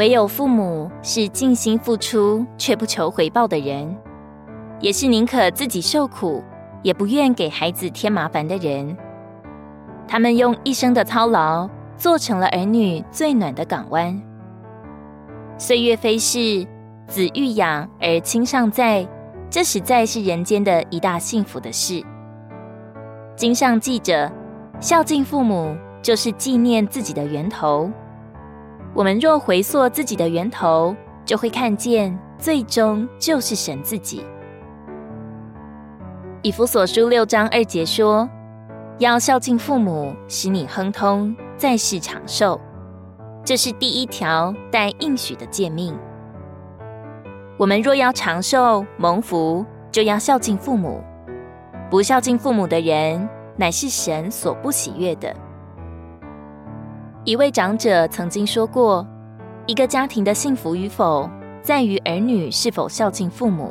唯有父母是盡心付出卻不求回報的人，也是寧可自己受苦也不願給孩子添麻煩的人。他們用一生的操勞，做成了兒女最暖的港灣。歲月飛逝，子欲養而親尚在，這實在是人間的一大幸福的事。經上記着，孝敬父母就是紀念自己的源頭。我們若回溯自己的源頭，就會看見，最終就是神自己。以弗所書六章二節說：“要孝敬父母，使你亨通，在世長壽。”這是第一條帶應許的誡命。我們若要長壽蒙福，就要孝敬父母。不孝敬父母的人，乃是神所不喜悅的。一位長者曾經說過：“一個家庭的幸福與否，在於兒女是否孝敬父母；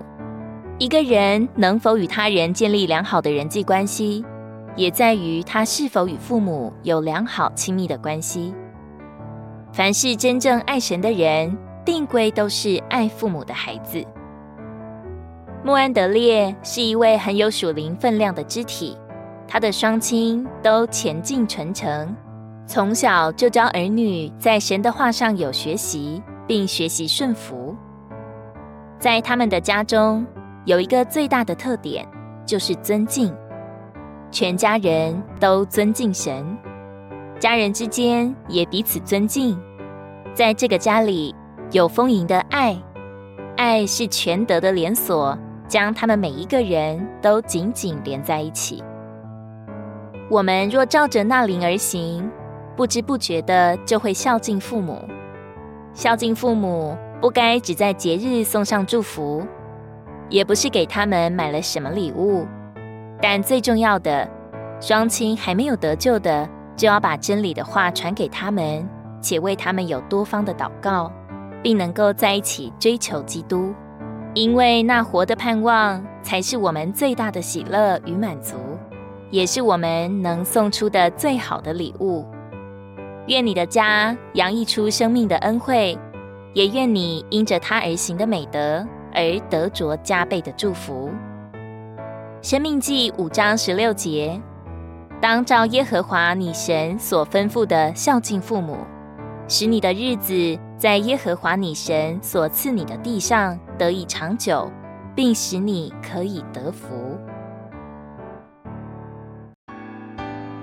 一個人能否與他人建立良好的人際關係，也在於他是否與父母有良好親密的關係。凡是真正愛神的人，定規都是愛父母的孩子。”穆安德烈是一位很有屬靈分量的肢體，他的雙親都虔敬純誠。從小就教兒女在神的話上有學習，並學習順服。在他們的家中有一個最大的特點，就是尊敬。全家人都尊敬神，家人之間也彼此尊敬。在這個家裡有豐盈的愛，愛是全德的聯索，將他們每一個人都緊緊連在一起。我們若照着那靈而行。不知不覺的就會孝敬父母。孝敬父母不該只在節日送上祝福，也不是給他們買了什麼禮物。但最重要的，雙親還沒有得救的，就要把真理的話傳給他們，且為他們有多方的禱告，並能夠在一起追求基督。因為那活的盼望，才是我們最大的喜樂與滿足，也是我們能送出的最好的禮物。願你的家洋溢出生命的恩惠，也願你因着他而行的美德而得着加倍的祝福。申命記五章十六節：當照耶和華你神所吩咐的孝敬父母，使你的日子在耶和華你神所賜你的地上得以長久，並使你可以得福。